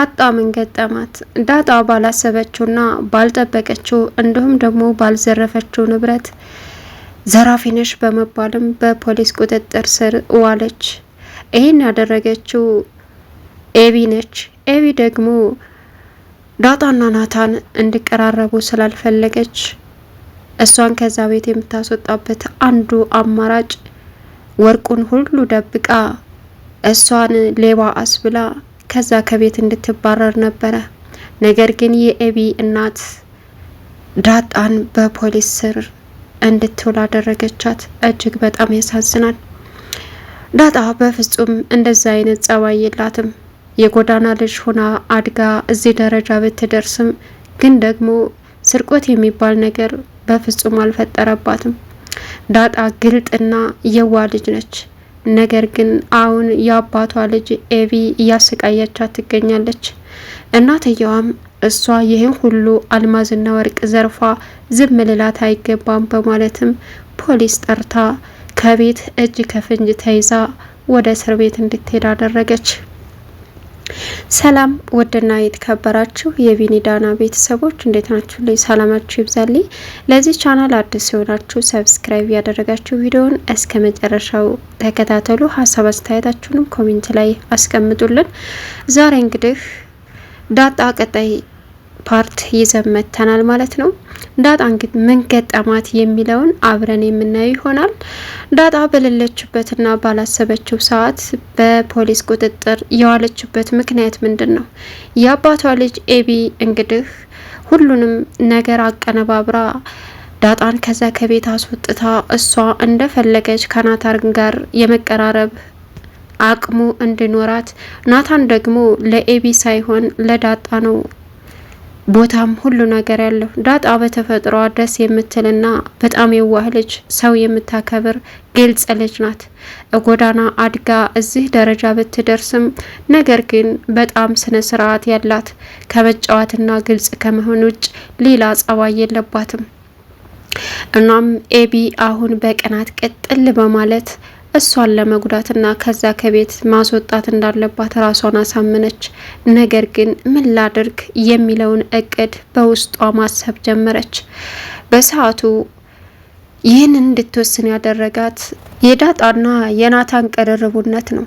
ዳጣ ምን ገጠማት? ዳጣ ባላሰበችውና ባልጠበቀችው እንዲሁም ደግሞ ባልዘረፈችው ንብረት ዘራፊነሽ በመባልም በፖሊስ ቁጥጥር ስር ዋለች። ይህን ያደረገችው ኤቢ ነች። ኤቢ ደግሞ ዳጣና ናታን እንዲቀራረቡ ስላልፈለገች እሷን ከዛ ቤት የምታስወጣበት አንዱ አማራጭ ወርቁን ሁሉ ደብቃ እሷን ሌባ አስብላ ከዛ ከቤት እንድትባረር ነበረ። ነገር ግን የኤቢ እናት ዳጣን በፖሊስ ስር እንድትውል አደረገቻት። እጅግ በጣም ያሳዝናል። ዳጣ በፍጹም እንደዛ አይነት ጸባይ የላትም። የጎዳና ልጅ ሆና አድጋ እዚህ ደረጃ ብትደርስም ግን ደግሞ ስርቆት የሚባል ነገር በፍጹም አልፈጠረባትም። ዳጣ ግልጥና የዋ ልጅ ነች። ነገር ግን አሁን የአባቷ ልጅ ኤቪ እያሰቃያቻት ትገኛለች። እናትየዋም እሷ ይህን ሁሉ አልማዝና ወርቅ ዘርፏ ዝም ልላት አይገባም በማለትም ፖሊስ ጠርታ ከቤት እጅ ከፍንጅ ተይዛ ወደ እስር ቤት እንድትሄድ አደረገች። ሰላም ውድና የተከበራችሁ የቪኒዳና ቤተሰቦች እንዴት ናችሁ? ላይ ሰላማችሁ ይብዛልኝ። ለዚህ ቻናል አዲስ የሆናችሁ ሰብስክራይብ ያደረጋችሁ ቪዲዮን እስከ መጨረሻው ተከታተሉ። ሀሳብ አስተያየታችሁንም ኮሜንት ላይ አስቀምጡልን። ዛሬ እንግዲህ ዳጣ ቀጣይ ፓርት ይዘን መጥተናል ማለት ነው። ዳጣ እንግዲህ ምን ገጠማት የሚለውን አብረን የምናየው ይሆናል። ዳጣ በሌለችበትና ባላሰበችው ሰዓት በፖሊስ ቁጥጥር የዋለችበት ምክንያት ምንድን ነው? የአባቷ ልጅ ኤቢ እንግዲህ ሁሉንም ነገር አቀነባብራ ዳጣን ከዛ ከቤት አስወጥታ እሷ እንደፈለገች ከናታን ጋር የመቀራረብ አቅሙ እንዲኖራት ናታን ደግሞ ለኤቢ ሳይሆን ለዳጣ ነው ቦታም ሁሉ ነገር ያለው ዳጣ በተፈጥሯ ደስ የምትልና በጣም የዋህ ልጅ፣ ሰው የምታከብር ግልጽ ልጅ ናት። ጎዳና አድጋ እዚህ ደረጃ ብትደርስም ነገር ግን በጣም ስነ ስርዓት ያላት ከመጫወትና ግልጽ ከመሆን ውጭ ሌላ ጸባይ የለባትም። እናም ኤቢ አሁን በቅናት ቅጥል በማለት እሷን ለመጉዳትና ከዛ ከቤት ማስወጣት እንዳለባት ራሷን አሳመነች። ነገር ግን ምን ላድርግ የሚለውን እቅድ በውስጧ ማሰብ ጀመረች። በሰዓቱ ይህን እንድትወስን ያደረጋት የዳጣና የናታን ቅርርቡነት ነው።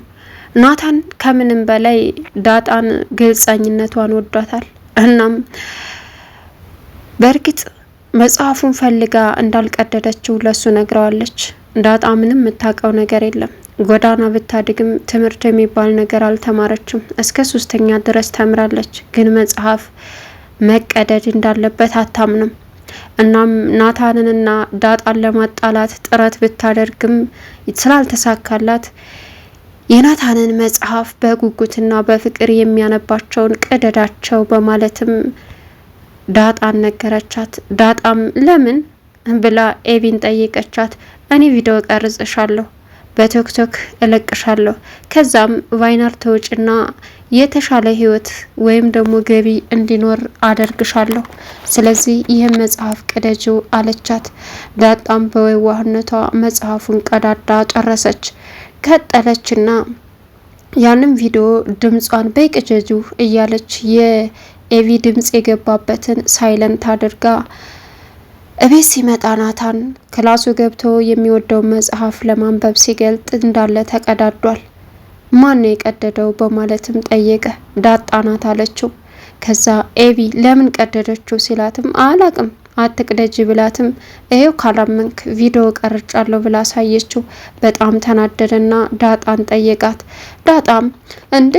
ናታን ከምንም በላይ ዳጣን ግልጸኝነቷን ወዷታል። እናም በእርግጥ መጽሐፉን ፈልጋ እንዳልቀደደችው ለሱ ነግረዋለች። ዳጣ ምንም የምታውቀው ነገር የለም። ጎዳና ብታድግም ትምህርት የሚባል ነገር አልተማረችም። እስከ ሶስተኛ ድረስ ተምራለች፣ ግን መጽሐፍ መቀደድ እንዳለበት አታምንም። እናም ናታንንና ዳጣን ለማጣላት ጥረት ብታደርግም ስላልተሳካላት የናታንን መጽሐፍ በጉጉትና በፍቅር የሚያነባቸውን ቅደዳቸው በማለትም ዳጣን ነገረቻት። ዳጣም ለምን ብላ ኤቢን ጠየቀቻት። እኔ ቪዲዮ ቀርጽሻለሁ፣ በቲክቶክ እለቅሻለሁ፣ ከዛም ቫይነር ተውጭና የተሻለ ህይወት ወይም ደግሞ ገቢ እንዲኖር አደርግሻለሁ። ስለዚህ ይህን መጽሐፍ ቅደጂው አለቻት። ዳጣም በወይዋህነቷ መጽሐፉን ቀዳዳ ጨረሰች። ቀጠለችና ያንም ቪዲዮ ድምጿን በይቅጀጁ እያለች የኤቪ ድምጽ የገባበትን ሳይለንት አድርጋ እቤት ሲመጣ ናታን ክላሱ ገብቶ የሚወደውን መጽሐፍ ለማንበብ ሲገልጥ እንዳለ ተቀዳዷል። ማን የቀደደው በማለትም ጠየቀ። ዳጣ ናት አለችው። ከዛ ኤቢ ለምን ቀደደችው ሲላትም አላቅም አትቅደጅ ብላትም ይሄው ካላመንክ ቪዲዮ ቀርጫለሁ ብላ ሳየችው። በጣም ተናደደና ዳጣን ጠየቃት። ዳጣም እንዴ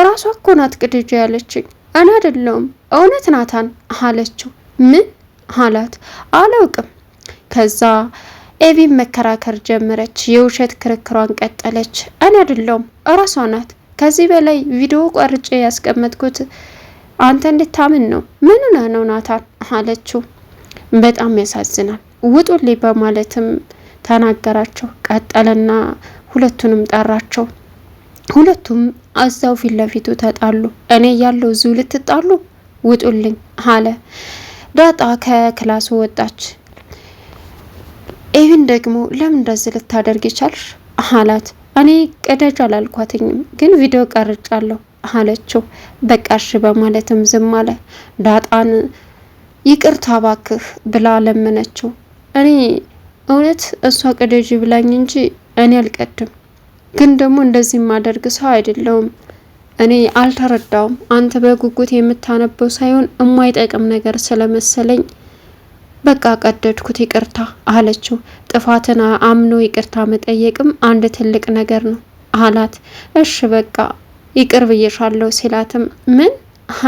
እራሷ እኮ ናት ቅድጅ ያለችኝ እኔ አይደለሁም እውነት ናታን አለችው። ምን አላት። አላውቅም። ከዛ ኤቢን መከራከር ጀመረች። የውሸት ክርክሯን ቀጠለች። እኔ አይደለሁም እራሷ ናት። ከዚህ በላይ ቪዲዮ ቆርጬ ያስቀመጥኩት አንተ እንድታምን ነው። ምን ሆነህ ነው ናታን አለችው። በጣም ያሳዝናል፣ ውጡልኝ በማለትም ተናገራቸው። ቀጠለና ሁለቱንም ጠራቸው። ሁለቱም እዛው ፊት ለፊቱ ተጣሉ። እኔ ያለው እዚሁ ልትጣሉ ውጡልኝ አለ። ዳጣ ከክላሱ ወጣች። ኤቪን ደግሞ ለምን እንደዚህ ልታደርግ ይቻልሽ አላት። እኔ ቅደጅ አላልኳትኝም ግን ቪዲዮ ቀርጫለሁ አለችው። በቃሽ በማለትም ዝም አለ። ዳጣን ይቅርታ ባክህ ብላ ለመነችው። እኔ እውነት እሷ ቅደጅ ብላኝ እንጂ እኔ አልቀድም፣ ግን ደግሞ እንደዚህ ማደርግ ሰው አይደለውም እኔ አልተረዳውም። አንተ በጉጉት የምታነበው ሳይሆን የማይጠቅም ነገር ስለመሰለኝ በቃ ቀደድኩት፣ ይቅርታ አለችው። ጥፋትን አምኖ ይቅርታ መጠየቅም አንድ ትልቅ ነገር ነው አላት። እሺ በቃ ይቅር ብዬሻለሁ ሲላትም ምን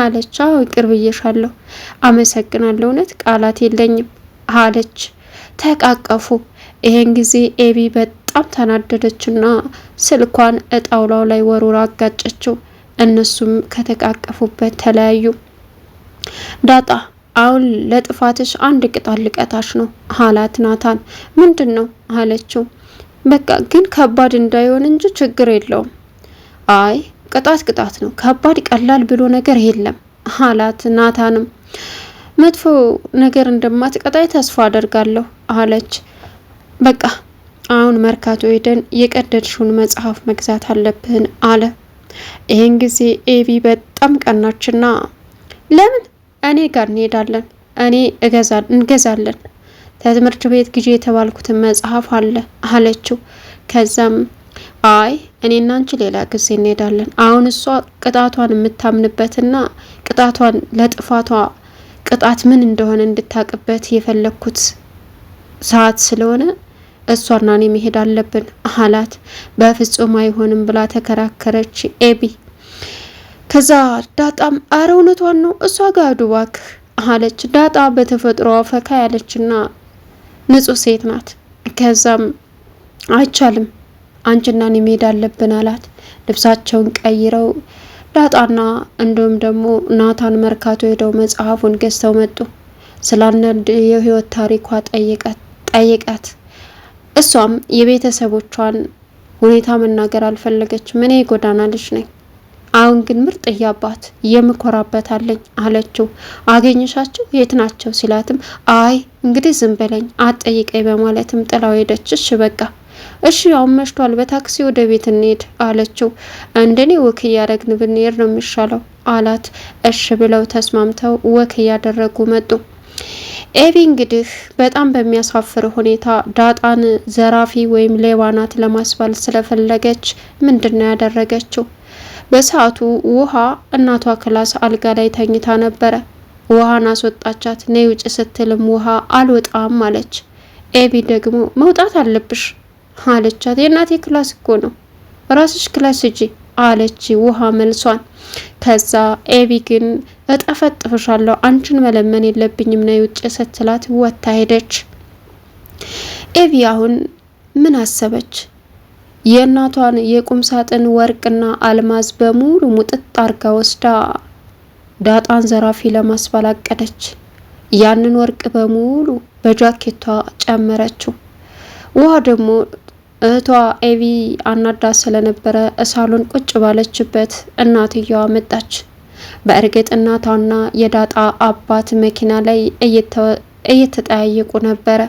አለች? አዎ ይቅር ብዬሻለሁ፣ አመሰግናለሁ፣ እውነት ቃላት የለኝም አለች። ተቃቀፉ። ይሄን ጊዜ ኤቢ በጣም ተናደደችና ስልኳን እጣውላው ላይ ወሩራ አጋጨችው። እነሱም ከተቃቀፉበት ተለያዩ። ዳጣ አሁን ለጥፋትሽ አንድ ቅጣት ልቀጣሽ ነው አላት ናታን። ምንድን ነው አለችው። በቃ ግን ከባድ እንዳይሆን እንጂ ችግር የለውም። አይ ቅጣት ቅጣት ነው፣ ከባድ ቀላል ብሎ ነገር የለም አላት ናታንም። መጥፎ ነገር እንደማትቀጣይ ተስፋ አደርጋለሁ አለች። በቃ አሁን መርካቶ ሄደን የቀደድሽውን መጽሐፍ መግዛት አለብን አለ ይህን ጊዜ ኤቪ በጣም ቀናችና ለምን እኔ ጋር እንሄዳለን፣ እኔ እንገዛለን፣ ከትምህርት ቤት ጊዜ የተባልኩትን መጽሐፍ አለ አለችው። ከዛም አይ እኔ እናንቺ ሌላ ጊዜ እንሄዳለን። አሁን እሷ ቅጣቷን የምታምንበትና ቅጣቷን ለጥፋቷ ቅጣት ምን እንደሆነ እንድታቅበት የፈለግኩት ሰዓት ስለሆነ እሷና እኔ መሄድ አለብን አላት። በፍጹም አይሆንም ብላ ተከራከረች ኤቢ። ከዛ ዳጣም አረ እውነቷን ነው እሷ ጋር ዱባክ አለች። ዳጣ በተፈጥሮ ፈካ ያለችና ንጹህ ሴት ናት። ከዛም አይቻልም አንቺና እኔ መሄድ አለብን አላት። ልብሳቸውን ቀይረው ዳጣና እንዲሁም ደግሞ ናታን መርካቶ ሄደው መጽሐፉን ገዝተው መጡ። ስላነድ የህይወት ታሪኳ ጠይቀት እሷም የቤተሰቦቿን ሁኔታ መናገር አልፈለገችም። እኔ የጎዳና ልጅ ነኝ፣ አሁን ግን ምርጥ አባት የምኮራበት አለኝ አለችው። አገኘሻቸው? የት ናቸው ሲላትም አይ እንግዲህ ዝም በለኝ አጠይቀኝ በማለትም ጥላው ሄደች። እሺ በቃ እሺ አሁን መሽቷል፣ በታክሲ ወደ ቤት እንሄድ አለችው። እንደኔ ወክ እያደረግን ብንሄድ ነው የሚሻለው አላት። እሺ ብለው ተስማምተው ወክ እያደረጉ መጡ። ኤቢ እንግዲህ በጣም በሚያሳፍር ሁኔታ ዳጣን ዘራፊ ወይም ሌባናት ለማስባል ስለፈለገች ምንድን ነው ያደረገችው? በሰዓቱ ውሃ እናቷ ክላስ አልጋ ላይ ተኝታ ነበረ። ውሃን አስወጣቻት። ነይ ውጭ ስትልም ውሃ አልወጣም አለች። ኤቢ ደግሞ መውጣት አለብሽ አለቻት። የእናቴ ክላስ እኮ ነው፣ ራስሽ ክላስ እጂ አለች ውሃ መልሷን። ከዛ ኤቢ ግን እጠፈጥፍሻለሁ አንቺን መለመን የለብኝም ነይ ውጭ ስትላት ወታ ሄደች። ኤቢ አሁን ምን አሰበች? የእናቷን የቁም ሳጥን ወርቅና አልማዝ በሙሉ ሙጥጥ አርጋ ወስዳ ዳጣን ዘራፊ ለማስባል አቀደች። ያንን ወርቅ በሙሉ በጃኬቷ ጨመረችው። ውሃ ደግሞ እህቷ ኤቪ አናዳ ስለነበረ እሳሉን ቁጭ ባለችበት እናትየዋ መጣች። በእርግጥ እናቷና የዳጣ አባት መኪና ላይ እየተጠያየቁ ነበረ።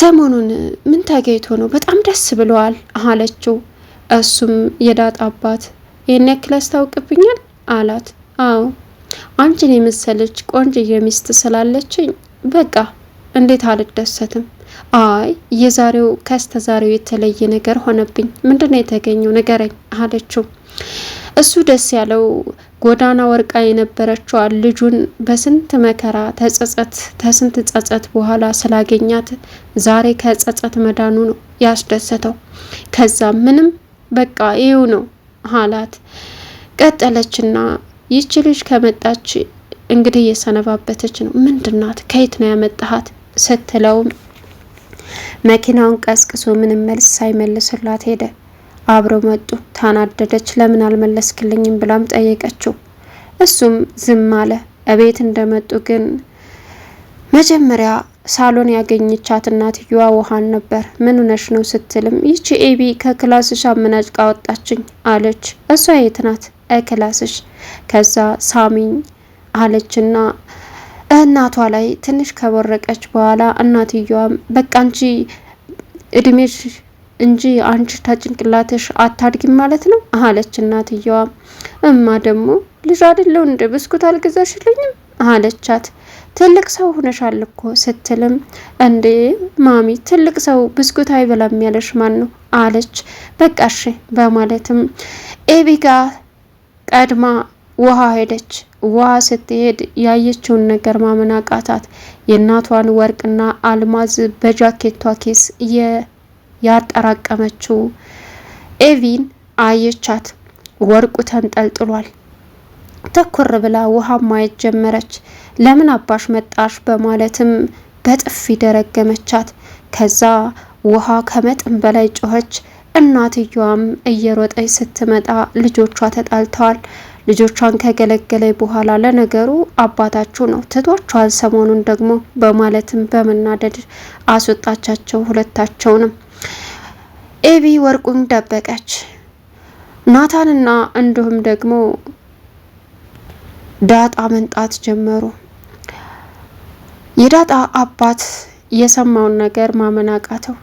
ሰሞኑን ምን ተገኝቶ ነው? በጣም ደስ ብለዋል አለችው። እሱም የዳጣ አባት ይህን ያክል ያስታውቅብኛል አላት። አዎ አንቺን የመሰለች ቆንጆ የሚስት ስላለችኝ በቃ እንዴት አልደሰትም አይ የዛሬው ከስተዛሬው የተለየ ነገር ሆነብኝ፣ ምንድን ነው የተገኘው ንገረኝ አለችው። እሱ ደስ ያለው ጎዳና ወርቃ የነበረችው ልጁን በስንት መከራ ተጸጸት ተስንት ጸጸት በኋላ ስላገኛት ዛሬ ከጸጸት መዳኑ ነው ያስደሰተው። ከዛ ምንም በቃ ይው ነው አላት። ቀጠለችና ይች ልጅ ከመጣች እንግዲህ እየሰነባበተች ነው። ምንድናት? ከየት ነው ያመጣሃት? ስትለውም መኪናውን ቀስቅሶ ምንም መልስ ሳይመልስላት ሄደ። አብረው መጡ። ታናደደች። ለምን አልመለስክልኝም ብላም ጠየቀችው። እሱም ዝም አለ። እቤት እንደመጡ ግን መጀመሪያ ሳሎን ያገኘቻት እናትየዋ ውሃን ነበር። ምን ነሽ ነው ስትልም ይቺ ኤቢ ከክላስሽ አመናጭቃ ወጣችኝ አለች። እሷ የት ናት? እክላስሽ ከዛ ሳሚኝ አለችና እናቷ ላይ ትንሽ ከቦረቀች በኋላ እናትየዋም በቃ አንቺ እድሜሽ እንጂ አንቺ ታጭንቅላትሽ አታድግም ማለት ነው አለች እናትየዋ። እማ ደግሞ ልጅ አይደለው እንደ ብስኩት አልገዛሽልኝም አለቻት። ትልቅ ሰው ሆነሻል እኮ ስትልም እንዴ ማሚ ትልቅ ሰው ብስኩት አይበላም ያለሽ ማን ነው አለች። በቃሽ በማለትም ኤቢ ቀድማ ውሃ ሄደች። ውሃ ስትሄድ ያየችውን ነገር ማመን አቃታት። የእናቷን ወርቅና አልማዝ በጃኬቷ ኬስ ያጠራቀመችው ኤቪን አየቻት። ወርቁ ተንጠልጥሏል። ትኩር ብላ ውሃ ማየት ጀመረች። ለምን አባሽ መጣሽ በማለትም በጥፊ ደረገመቻት። ከዛ ውሃ ከመጠን በላይ ጮኸች። እናትየዋም እየሮጠች ስትመጣ ልጆቿ ተጣልተዋል። ልጆቿን ከገለገለ በኋላ ለነገሩ አባታችሁ ነው ትቷቸዋል፣ ሰሞኑን ደግሞ በማለትም በመናደድ አስወጣቻቸው ሁለታቸውንም። ኤቢ ወርቁን ደበቀች። ናታንና እንዲሁም ደግሞ ዳጣ መንጣት ጀመሩ። የዳጣ አባት የሰማውን ነገር ማመን አቃተው።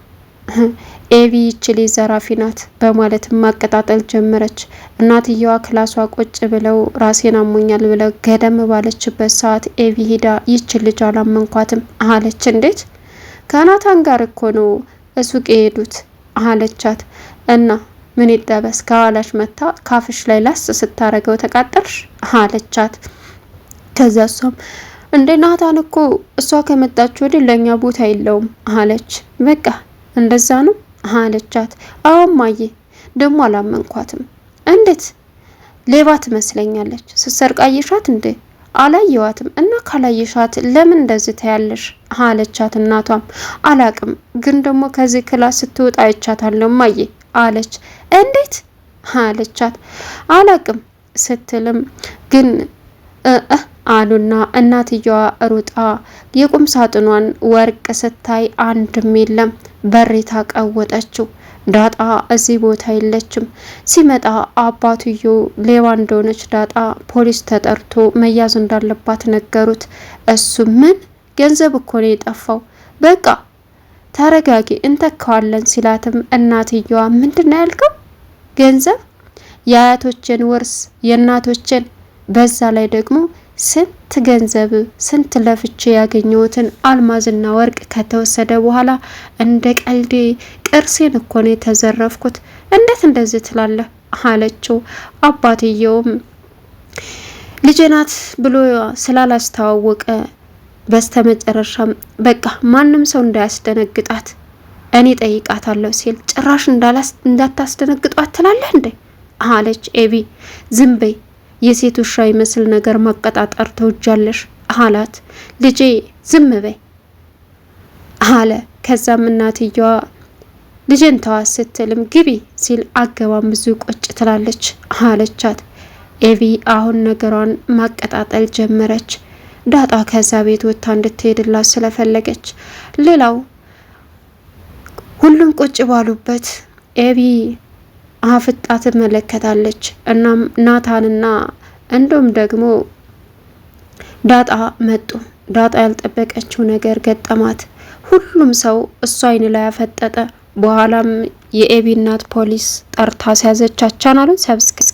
ኤቪ ይችል ዘራፊ ናት በማለት ማቀጣጠል ጀመረች። እናትየዋ ክላሷ ቁጭ ብለው ራሴን አሞኛል ብለው ገደም ባለችበት ሰዓት ኤቪ ሂዳ ይች ልጅ አላመንኳትም አለች። እንዴት ከናታን ጋር እኮ ነው እሱቅ የሄዱት አለቻት። እና ምን ይጠበስ ከኋላሽ መታ ካፍሽ ላይ ላስ ስታረገው ተቃጠልሽ አለቻት። ከዛ እሷም እንደ ናታን እኮ እሷ ከመጣች ወዲህ ለእኛ ቦታ የለውም አለች። በቃ እንደዛ ነው አለቻት። አዎ እማዬ፣ ደግሞ አላመንኳትም። እንዴት ሌባ ትመስለኛለች። ስትሰርቅ እንዴ? አላየዋትም። እና ካላየሻት ለምን እንደዚህ ታያለሽ? አለቻት። እናቷም አላቅም፣ ግን ደግሞ ከዚህ ክላስ ስትወጣ አይቻታለሁ እማዬ አለች። እንዴት አለቻት። አላቅም ስትልም ግን አሉና እናትየዋ ሩጣ የቁም ሳጥኗን ወርቅ ስታይ አንድም የለም። በሬታ ቀወጠችው። ዳጣ እዚህ ቦታ የለችም። ሲመጣ አባትዮ ሌባ እንደሆነች ዳጣ ፖሊስ ተጠርቶ መያዝ እንዳለባት ነገሩት። እሱ ምን ገንዘብ እኮ ነው የጠፋው፣ በቃ ተረጋጊ እንተካዋለን ሲላትም እናትየዋ ምንድን ነው ያልከው? ገንዘብ የአያቶችን ውርስ የእናቶችን በዛ ላይ ደግሞ ስንት ገንዘብ ስንት ለፍቼ ያገኘሁትን አልማዝና ወርቅ ከተወሰደ በኋላ እንደ ቀልዴ ቅርሴን እኮ ነው የተዘረፍኩት፣ እንዴት እንደዚህ ትላለህ? አለችው። አባትየውም ልጅናት ብሎ ስላላስተዋወቀ መጨረሻም በቃ ማንም ሰው እንዳያስደነግጣት እኔ ጠይቃታለሁ ሲል ጭራሽ እንዳታስደነግጧት ትላለህ እንዴ? አለች ኤቢ። ዝም በይ የሴት ውሻ ይመስል ነገር ማቀጣጠር ተወጃለሽ አላት። ልጄ ዝም በይ አለ። ከዛም እናትየዋ ልጄን ተዋት ስትልም ግቢ ሲል አገባም ብዙ ቆጭ ትላለች አለቻት። ኤቪ አሁን ነገሯን ማቀጣጠል ጀመረች። ዳጣ ከዛ ቤት ወጥታ እንድትሄድላት ስለፈለገች ሌላው ሁሉም ቁጭ ባሉበት ኤቪ አፍጣ ትመለከታለች። እናም ናታንና እንዲሁም ደግሞ ዳጣ መጡ። ዳጣ ያልጠበቀችው ነገር ገጠማት። ሁሉም ሰው እሱ አይን ላይ ያፈጠጠ። በኋላም የኤቢ እናት ፖሊስ ጠርታ ሲያዘቻቻን ሲያዘቻቻናሉን ሰብስክ